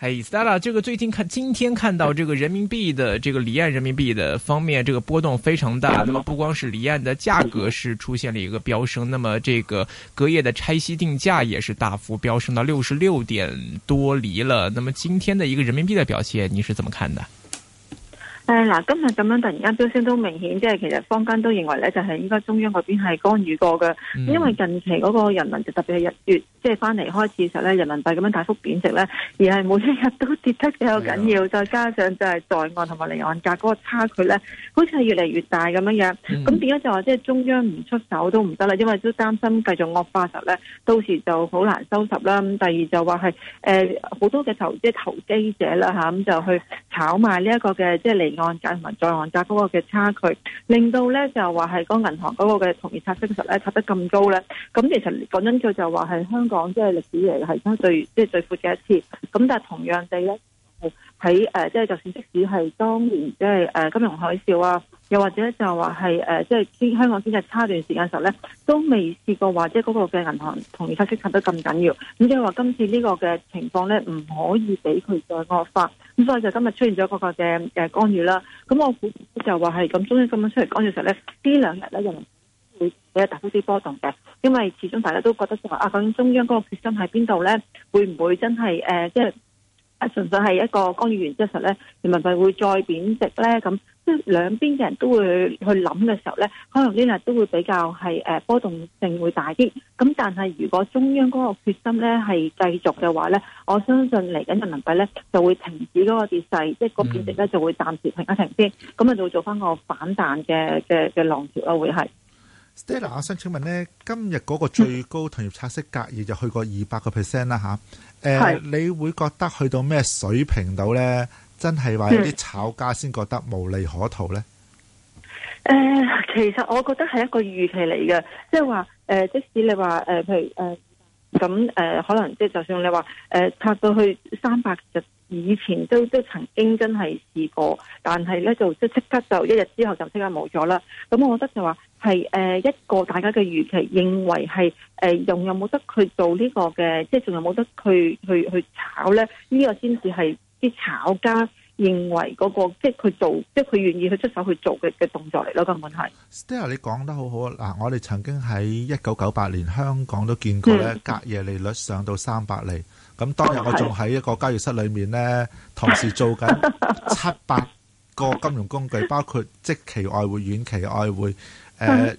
嘿，Stella，這個最近看今天看到這個人民幣的這個離岸人民幣的方面，這個波動非常大。那麼不光是離岸的價格是出現了一個飆升，那麼這個隔夜的拆息定價也是大幅飆升到六十六點多厘了。那麼今天的一個人民幣的表現，你是怎麼看的？哎，嗱，今日咁樣突然間飆升都明顯，即係其實坊間都認為呢就係應該中央嗰邊係干預過嘅，嗯、因為近期嗰個人民幣就特別係日元。即係翻嚟開始時候咧，人民幣咁樣大幅貶值咧，而係每一日都跌得比較緊要，的再加上就係在岸同埋離岸價嗰個差距咧，好似係越嚟越大咁樣樣。咁點解就話即係中央唔出手都唔得啦？因為都擔心繼續惡化時候咧，到時就好難收拾啦。第二就話係誒好多嘅投即係投資者啦嚇咁就去炒賣呢、這、一個嘅即係離岸價同埋在岸價嗰個嘅差距，令到咧就話係嗰銀行嗰個嘅同業拆息實咧拆得咁高咧。咁其實講緊佢就話係香港。講即係歷史嚟係真最即係最闊嘅一次，咁但係同樣地咧，喺誒即係，就算即使係當年即係誒金融海嘯啊，又或者就話係誒即係香港經濟差段時間嘅時候咧，都未試過話即係嗰個嘅銀行同業拆息插得咁緊要。咁即係話今次這個呢個嘅情況咧，唔可以俾佢再惡化。咁所以就今日出現咗嗰個嘅誒干預啦。咁我估就話係咁中央根本出嚟干預嘅時候咧，這兩呢兩日咧用。會比較大幅啲波動嘅，因為始終大家都覺得就話啊，究竟中央嗰個決心喺邊度咧？會唔會真係誒，即係啊，純粹係一個干預完之時咧，人民幣會再貶值咧？咁即係兩邊嘅人都會去去諗嘅時候咧，可能呢日都會比較係誒波動性會大啲。咁但係如果中央嗰個決心咧係繼續嘅話咧，我相信嚟緊人民幣咧就會停止嗰個跌勢，即係個貶值咧就會暫時停一停先。咁啊就會做翻個反彈嘅嘅嘅浪潮咯，會係。即係我想請問呢今日嗰個最高同業拆息隔夜就去過二百個 percent 啦吓，誒是、啊、你會覺得去到咩水平度咧，真係話有啲炒家先覺得無利可圖咧？誒，其實我覺得係一個預期嚟嘅，即係話誒，即使你話誒，譬如誒，咁、呃、誒、呃，可能即係就算你話誒，拆、呃、到去三百就。以前都都曾經真係試過，但係咧就即即刻就一日之後就即刻冇咗啦。咁我覺得就話係誒一個大家嘅預期，認為係誒仲有冇得佢做呢個嘅，即係仲有冇得佢去去去炒咧？呢個先至係啲炒家認為嗰個，即係佢做，即係佢願意去出手去做嘅嘅動作嚟咯，根本係。Stella，你講得好好啊！嗱，我哋曾經喺一九九八年香港都見過咧，隔夜利率上到三百釐。嗯咁當日我仲喺一個交易室裏面呢，同時做緊七八個金融工具， 包括即期外匯、遠期外匯，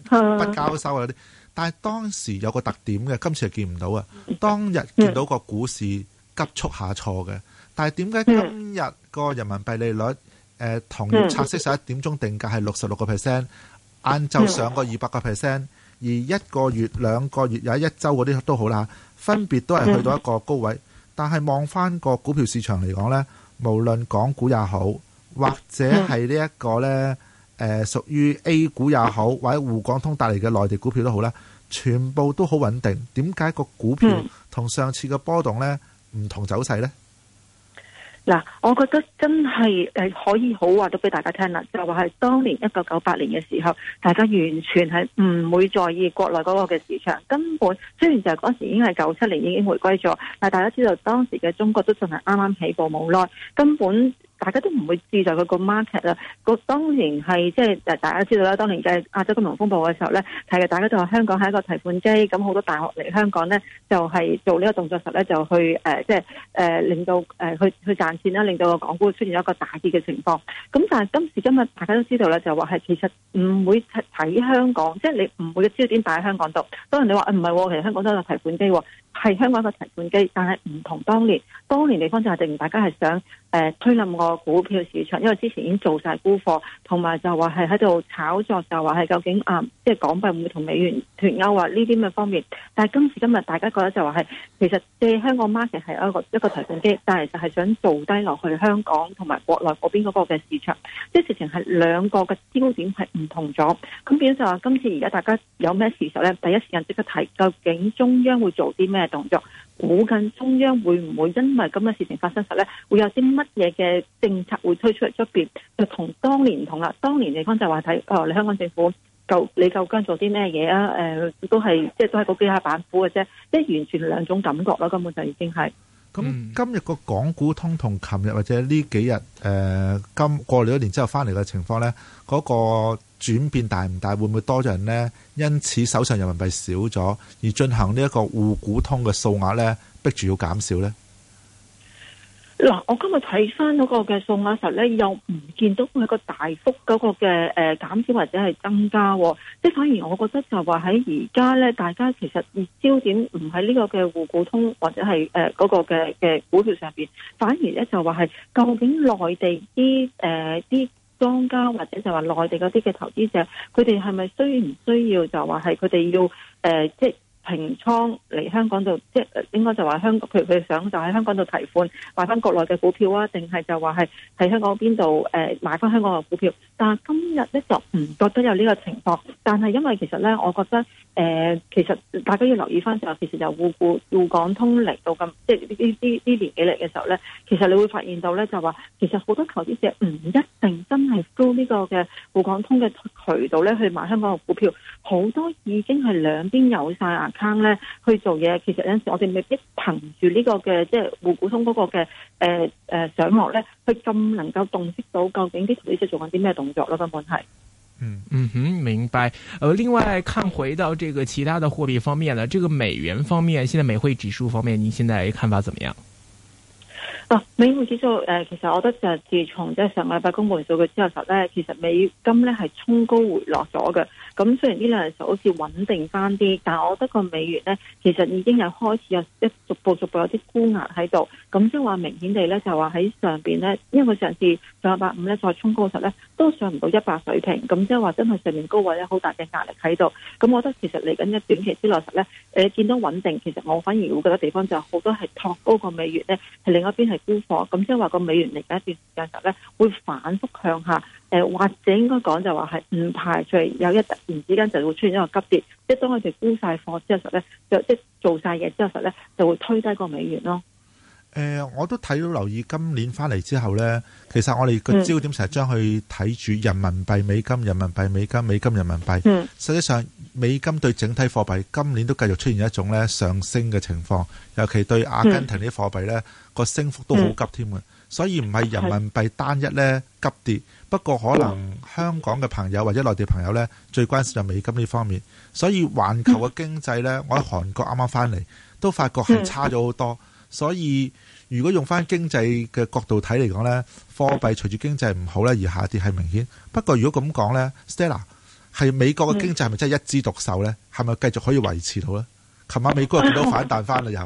誒不交收嗰啲。但係當時有個特點嘅，今次係見唔到啊！當日見到個股市急速下挫嘅，但係點解今日個人民幣利率誒、 呃、同業拆息十一點鐘定價係六十六個 percent，晏晝上個二百個 percent，而一個月、兩個月，有一周嗰啲都好啦，分別都係去到一個高位。 但係望翻個股票市場嚟講呢，無論港股也好，或者係呢一個呢，誒屬於 A 股也好，或者滬港通帶嚟嘅內地股票都好呢，全部都好穩定。點解個股票同上次嘅波動呢唔同走勢呢？嗱，我覺得真係誒可以好話都俾大家聽啦，就話、是、係當年一九九八年嘅時候，大家完全係唔會在意國內嗰個嘅市場，根本雖然就係嗰時已經係九七年已經回歸咗，但係大家知道當時嘅中國都仲係啱啱起步，冇耐根本。大家都唔會志在佢個 market 啊！個當然係即係大家知道啦，當年嘅亞洲金融風暴嘅時候咧，係嘅，大家都話香港係一個提款機，咁好多大學嚟香港咧就係做呢個動作時咧就去即係誒令到誒、呃、去去賺錢啦，令到個港股出現一個大跌嘅情況。咁但係今時今日大家都知道咧，就話係其實唔會睇香港，即、就、係、是、你唔會嘅焦點擺喺香港度。當然你話啊，唔、哎、係，其實香港都有提款機。係香港一個提款機，但係唔同當年。當年地方就係定，大家係想誒、呃、推冧個股票市場，因為之前已經做晒沽貨，同埋就話係喺度炒作，就話係究竟啊，即係港幣會唔會同美元脫歐啊？呢啲咁嘅方面。但係今時今日，大家覺得就話係其實借香港 market 係一個一個提款機，但係就係想做低落去香港同埋國內嗰邊嗰個嘅市場。即係實情係兩個嘅焦點係唔同咗。咁變咗就話今次而家大家有咩事實咧？第一時間即刻提，究竟中央會做啲咩？動作估緊中央會唔會因為咁嘅事情發生實咧，會有啲乜嘢嘅政策會推出嚟出邊？就同當年唔同啦，當年嚟講就係話睇哦，你香港政府夠你究竟做啲咩嘢啊？誒、呃，都係即係都係嗰幾下板斧嘅啫，即係完全兩種感覺咯。根本就已經係。咁今日個港股通同琴日或者呢幾日誒、呃，今過咗一年之後翻嚟嘅情況咧，嗰、那個轉變大唔大？會唔會多咗人咧？因此手上人民幣少咗，而進行呢一個滬股通嘅數額咧，逼住要減少咧？嗱，我今日睇翻嗰個嘅數碼實咧，又唔見到佢個大幅嗰個嘅誒減少或者係增加，即係反而我覺得就話喺而家咧，大家其實熱焦點唔喺呢個嘅滬股通或者係誒嗰個嘅嘅股票上邊，反而咧就話係究竟內地啲誒啲莊家或者就話內地嗰啲嘅投資者，佢哋係咪需唔需要就話係佢哋要誒、呃、即？平倉嚟香港度，即係應該就話香港，譬如佢想就喺香港度提款，買翻國內嘅股票啊，定係就話係喺香港邊度誒買翻香港嘅股票？但係今日咧就唔覺得有呢個情況，但係因為其實咧，我覺得、呃、其實大家要留意翻就其實由滬股滬港通嚟到咁，即係呢啲呢啲年紀嚟嘅時候咧，其實你會發現到咧就話，其實好多投資者唔一定真係 through 呢個嘅滬港通嘅渠道咧去買香港嘅股票，好多已經係兩邊有晒。坑咧去做嘢，其實有陣時我哋未必憑住呢個嘅即係滬股通嗰個嘅誒誒上落咧，去咁能夠洞悉到究竟啲投資者做緊啲咩動作咯，根本係。嗯嗯哼，明白。誒，另外看回到這個其他的貨幣方面呢，這個美元方面，現在美匯指數方面，您現在看法怎麼樣？啊、美匯指數誒，其實我覺得就係自從即係上禮拜公布數據之後實咧，其實美金咧係衝高回落咗嘅。咁雖然呢兩日就好似穩定翻啲，但係我覺得個美元咧其實已經有開始有一逐步逐步有啲沽壓喺度。咁即係話明顯地咧，就話喺上邊咧，因為上次上禮拜五咧再衝高嘅時候咧都上唔到一百水平。咁即係話真係上面高位有好大嘅壓力喺度。咁我覺得其實嚟緊一短期之內實咧，誒、呃、見到穩定，其實我反而會覺得地方就好多係托高個美元咧，係另一邊係沽貨。咁即係話，個美元嚟緊一段時間時候咧，會反覆向下誒，或者應該講就話係唔排除有一突然之間就會出現一個急跌。即係當佢哋沽晒貨之後實咧，就即係做晒嘢之後實咧，就會推低個美元咯。誒、嗯，我都睇到留意今年翻嚟之後咧，其實我哋個焦點成日將佢睇住人民幣、美金、人民幣、美金、美金、人民幣。實際上。美金對整體貨幣今年都繼續出現一種咧上升嘅情況，尤其對阿根廷啲貨幣咧個升幅都好急添嘅，所以唔係人民幣單一咧急跌，不過可能香港嘅朋友或者內地朋友咧最關心就美金呢方面，所以環球嘅經濟咧，我喺韓國啱啱翻嚟都發覺係差咗好多，所以如果用翻經濟嘅角度睇嚟講咧，貨幣隨住經濟唔好咧而下跌係明顯，不過如果咁講咧，Stella。係美國嘅經濟係咪真係一枝獨秀咧？係咪繼續可以維持到咧？琴晚美國又見到反彈翻啦，又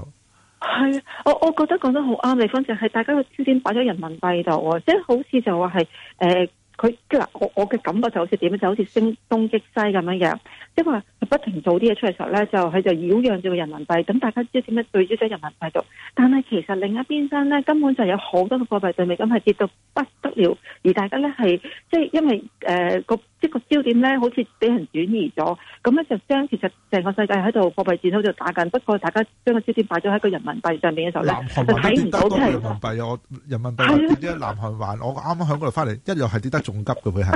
係我我覺得講得好啱。你反正係、是、大家嘅焦點擺咗人民幣度，即、就、係、是、好似就話係誒，佢、呃、嗱我我嘅感覺就好似點咧，就好似聲東擊西咁樣樣，即係話佢不停做啲嘢出嚟時候咧，就佢就擾攘住個人民幣，咁大家焦點咧對焦喺人民幣度。但係其實另一邊身咧，根本就有好多個貨幣對，美金係跌到不得了，而大家咧係即係因為誒個。呃呢個焦點咧，好似俾人轉移咗，咁咧就將其實成個世界喺度貨幣戰喺度打緊。不過大家將個焦點擺咗喺個人民幣上邊嘅時候咧，韓文跌得多，人民幣我的人民幣跌咗南韓還，的我啱啱響嗰度翻嚟，一樣係跌得仲急嘅，會係。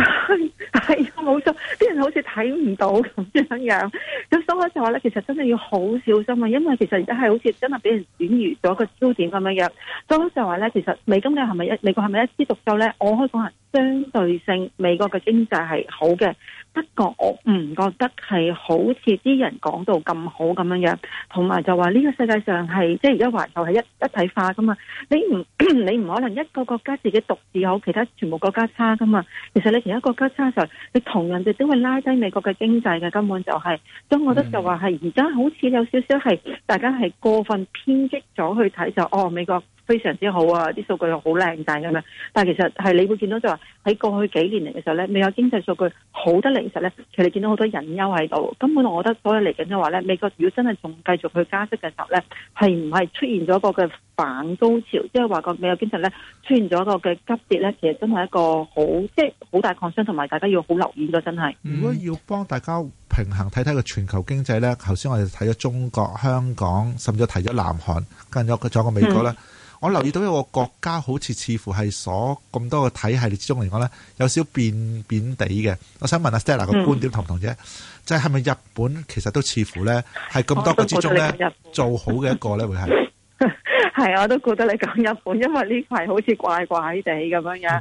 係冇、啊、錯，啲人好似睇唔到咁樣樣。咁所以就話咧，其實真係要好小心啊，因為其實而家係好似真係俾人轉移咗個焦點咁樣樣。所以就話咧，其實美金你係咪一美國係咪一支獨秀咧？我可以講係。相對性，美國嘅經濟係好嘅，不過我唔覺得係好似啲人講到咁好咁樣樣，同埋就話呢個世界上係即係而家環球係一一體化噶嘛，你唔 你唔可能一個國家自己獨自好，其他全部國家差噶嘛。其實你其他國家差嘅時候，你同人哋都會拉低美國嘅經濟嘅根本就係、是，所以我覺得就話係而家好似有少少係大家係過分偏激咗去睇就哦美國。非常之好啊！啲數據又好靚仔咁樣，但係其實係你會見到就係喺過去幾年嚟嘅時候咧，未有經濟數據好得嚟。其實咧，其實見到好多隱憂喺度。根本我覺得所以嚟緊嘅話咧，美國如果真係仲繼續去加息嘅時候咧，係唔係出現咗一個嘅反高潮？即係話個美國經濟咧出現咗一個嘅急跌咧，其實真係一個好即係好大抗傷，同埋大家要好留意咯，真係。如果要幫大家平衡睇睇個全球經濟咧，頭先我哋睇咗中國、香港，甚至提咗南韓，跟咗仲有個美國啦。嗯我留意到一個國家，好似似乎係所咁多個體系列之中嚟講咧，有少變扁地嘅。我想問阿 Stella 個觀點同唔同啫？嗯、即係咪日本其實都似乎咧係咁多個之中咧做好嘅一個咧，會係 是？係， 我都覺得你講日本，因為呢排好似怪怪地咁樣樣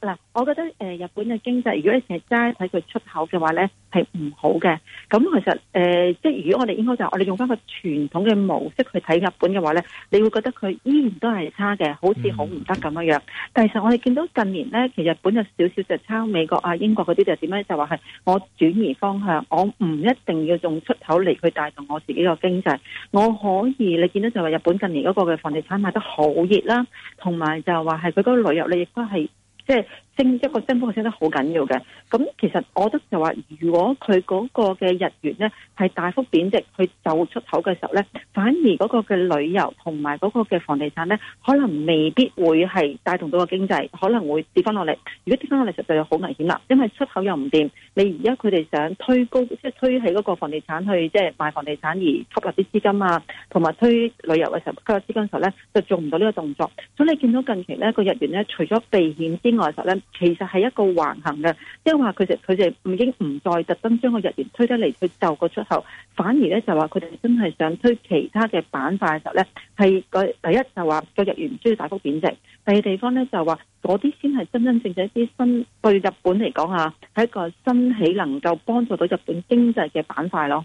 嗱。嗯 我覺得誒日本嘅經濟，如果你成日齋睇佢出口嘅話咧，係唔好嘅。咁其實誒、呃，即係如果我哋應該就係、我哋用翻個傳統嘅模式去睇日本嘅話咧，你會覺得佢依然都係差嘅，好似好唔得咁樣樣。但係其實我哋見到近年咧，其實日本有少少就抄美國啊、英國嗰啲就點咧，就話係我轉移方向，我唔一定要用出口嚟去帶動我自己個經濟，我可以你見到就話日本近年嗰個嘅房地產賣得好熱啦，同埋就話係佢嗰個旅遊你亦都係即係。就係升一個升幅升得好緊要嘅，咁其實我覺得就話，如果佢嗰個嘅日元咧係大幅貶值，佢就出口嘅時候咧，反而嗰個嘅旅遊同埋嗰個嘅房地產咧，可能未必會係帶動到個經濟，可能會跌翻落嚟。如果跌翻落嚟，實在就好危險啦，因為出口又唔掂，你而家佢哋想推高，即係推喺嗰個房地產去即係賣房地產而吸納啲資金啊，同埋推旅遊嘅時候吸納資金嘅時候咧，就做唔到呢個動作。咁你見到近期咧個日元咧，除咗避險之外嘅時候咧，其實係一個橫行嘅，即係話佢哋佢就已經唔再特登將個日元推低嚟，去救個出口，反而咧就話佢哋真係想推其他嘅板塊嘅時候咧，係第一就話個日元唔需要大幅貶值，第二地方咧就話嗰啲先係真真正正一啲新對日本嚟講啊，係一個新起能夠幫助到日本經濟嘅板塊咯。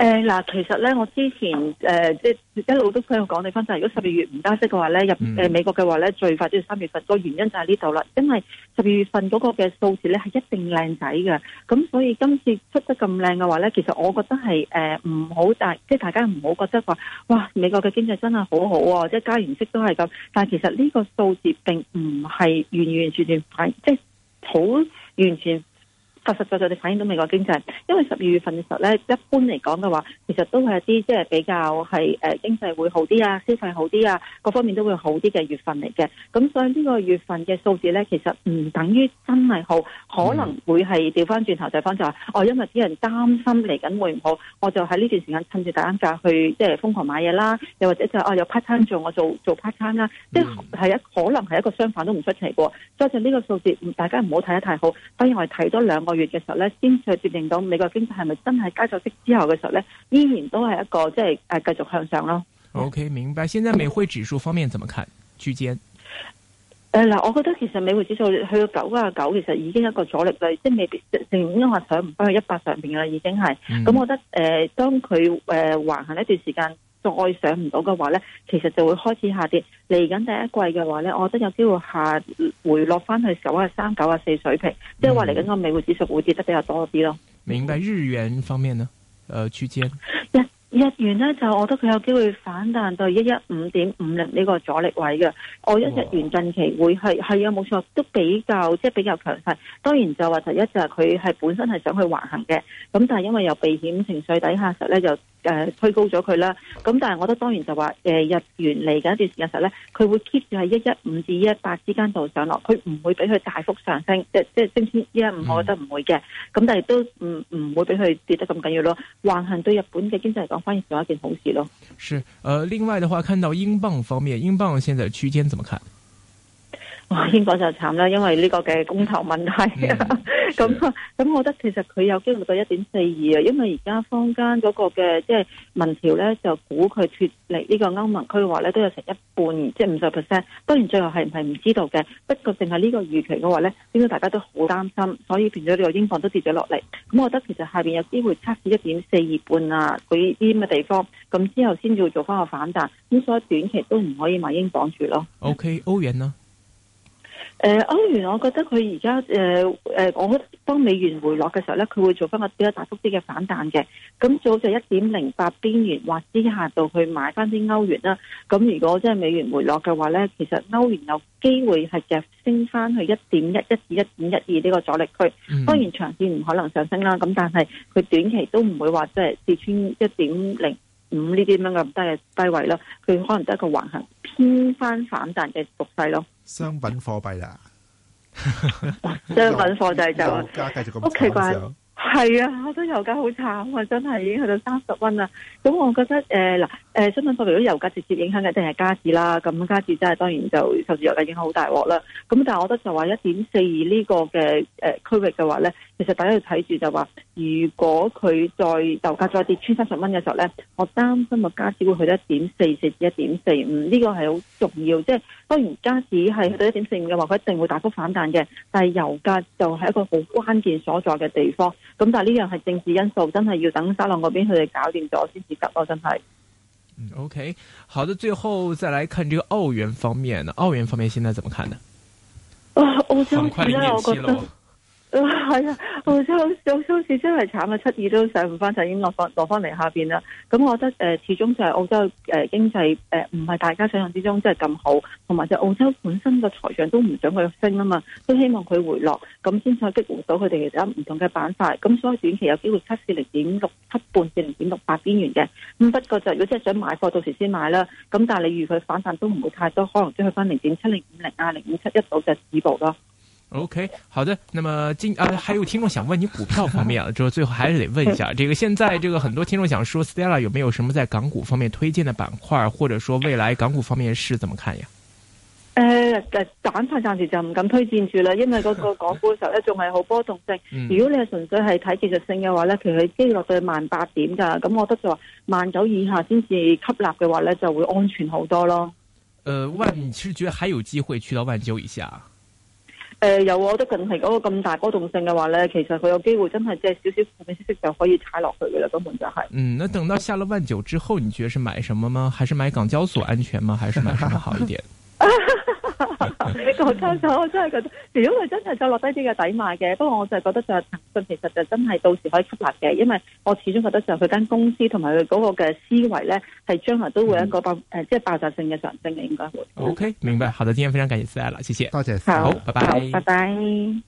誒嗱，其實咧，我之前誒，即係一路都想講你分析，如果十二月唔加息嘅話咧，入誒美國嘅話咧，最快都要三月份。個原因就喺呢度啦，因為十二月份嗰個嘅數字咧係一定靚仔嘅，咁所以今次出得咁靚嘅話咧，其實我覺得係誒唔好大，即係大家唔好覺得話，哇，美國嘅經濟真係好好啊，即係加完息都係咁。但係其實呢個數字並唔係完完全全反，即係好完全。實實在在地反映到美國經濟，因為十二月份嘅時候咧，一般嚟講嘅話，其實都係一啲即係比較係誒經濟會好啲啊，消費好啲啊，各方面都會好啲嘅月份嚟嘅。咁所以呢個月份嘅數字咧，其實唔等於真係好，可能會係調翻轉頭就方就話，哦，因為啲人擔心嚟緊會唔好，我就喺呢段時間趁住大減價去即係、就是、瘋狂買嘢啦，又或者就哦有 part time 做，我做做 part time 啦，嗯、即係係一可能係一個相反都唔出奇嘅。加上呢個數字，大家唔好睇得太好，反而我哋睇多兩個個月嘅時候咧，先去確定到美國經濟係咪真係加咗息之後嘅時候咧，依然都係一個即係誒繼續向上咯。OK，明白。現在美匯指數方面怎麼看區間？誒嗱、呃，我覺得其實美匯指數去到九啊九，其實已經一個阻力啦，即係未必正應該話上唔翻去一百上邊啦，已經係。咁我覺得誒、呃，當佢誒橫行一段時間。再上唔到嘅話呢，其實就會開始下跌。嚟緊第一季嘅話呢，我覺得有機會下回落翻去九啊三、九啊四水平，即係話嚟緊個美匯指數會跌得比較多啲咯。明白。日元方面呢？誒、呃，區間日日元呢，就我覺得佢有機會反彈到一一五點五零呢個阻力位嘅。我覺得日元近期會係係啊，冇錯，都比較，即係比較強勢。當然就話第一就係佢係本身係想去橫行嘅，咁但係因為有避險情緒底下，實呢，就。誒、呃，推高咗佢啦，咁但係我覺得當然就話，誒、呃、日元嚟緊一段時間實咧，佢會 keep 住喺一一五至一一八之間度上落，佢唔會俾佢大幅上升，即即係升穿一一五，1, 我覺得唔會嘅，咁但係都唔唔會俾佢跌得咁緊要咯，橫行對日本嘅經濟嚟講，反而仲有一件好事咯。是，誒、呃，另外嘅話，看到英鎊方面，英鎊現在區間怎麼看？英國就慘啦，因為呢個嘅公投問題咁咁、嗯、 我覺得其實佢有機會到一點四二啊，因為而家坊間嗰個嘅即係民調咧，就估佢脫離呢個歐盟區嘅話咧都有成一半，即係五十 percent。當然最後係唔係唔知道嘅，不過淨係呢個預期嘅話咧，應該大家都好擔心，所以變咗呢個英鎊都跌咗落嚟。咁我覺得其實下邊有機會測試一點四二半啊，佢啲咁嘅地方，咁之後先至做翻個反彈。咁所以短期都唔可以買英鎊住咯。Okay, 的 o K. 歐元呢？誒，歐、呃、元，我覺得佢而家誒誒，我覺得當美元回落嘅時候咧，佢會做翻個比較大幅啲嘅反彈嘅。咁最好就一點零八邊緣或之下度去買翻啲歐元啦。咁如果真係美元回落嘅話咧，其實歐元有機會係嘅升翻去一點一、一至一點一二呢個阻力區。嗯、當然長線唔可能上升啦。咁但係佢短期都唔會話即係跌穿一點零五呢啲咁樣咁低嘅低位咯。佢可能都係一個橫行偏翻反彈嘅局勢咯。商品貨幣啦、啊， 商品貨幣就、啊，好奇怪。係啊，啊是、嗯，我覺得、呃、油價好慘啊，真係已經去到三十蚊啦。咁我覺得誒嗱，誒，新聞報如果油價直接影響嘅一定係加紙啦。咁加紙真係當然就受住油價影響好大鑊啦。咁、嗯、但係我覺得就話一點四二呢個嘅誒區域嘅話咧，其實大家要睇住就話，如果佢再油價再跌穿三十蚊嘅時候咧，我擔心個加紙會去到一點四四至一點四五呢個係好重要。即、就、係、是、當然加紙係去到一點四五嘅話，佢一定會大幅反彈嘅。但係油價就係一個好關鍵所在嘅地方。咁但係呢樣係政治因素，真係要等沙朗嗰邊佢哋搞掂咗先至得咯，真係。嗯，OK，好的，最後再來看這個澳元方面，澳元方面現在怎麼看呢？啊，我想唔得，了我覺得， 啊係啊。澳洲、澳超市真係慘啊！七二都上唔翻，就已經落翻落翻嚟下邊啦。咁我覺得誒，始終就係澳洲誒經濟誒，唔係大家想象之中真係咁好，同埋就澳洲本身嘅財長都唔想佢升啊嘛，都希望佢回落，咁先再激活到佢哋而家唔同嘅板塊。咁所以短期有機會測試零點六七半至零點六八邊緣嘅。咁不過就如果真係想買貨，到時先買啦。咁但係你預佢反彈都唔會太多，可能即係翻零點七零五零啊、零五七一度就止步咯。OK，好的。那麼今啊，還有聽眾想問你股票方面，啊，就最後還是得問一下這個。現在這個很多聽眾想說，Stella 有沒有什麼在港股方面推薦的板塊，或者說未來港股方面是怎麼看呀？呃，板塊暫，暫時就唔敢推薦住啦，因為嗰個港股時候呢，仲係好波動性。 如果你係純粹係睇技術性嘅話呢，其實基落到萬八點噶，咁我覺得就話萬九以下先至吸納嘅話呢，就會安全好多咯。呃，萬，你其實覺得還有機會去到萬九以下？誒，有，我覺得近期嗰個咁大波動性嘅話咧，其實佢有機會真係即係少少負面消息就可以踩落去嘅啦，根本就係。嗯，那等到下了萬九之後，你覺得是買什麼嗎？還是買港交所安全嗎？還是買什麼好一點？ 你講真，我真係覺得，如果佢真係再落低啲嘅底碼嘅，不過我就係覺得就係騰訊其實就真係到時可以吸納嘅，因為我始終覺得就佢間公司同埋佢嗰個嘅思維咧，係將來都會一個爆誒、嗯呃，即係爆炸性嘅上升嘅，應該會。OK，明白，好的，今天非常感謝 Sir 啦，謝謝，多謝，好，拜拜，拜拜。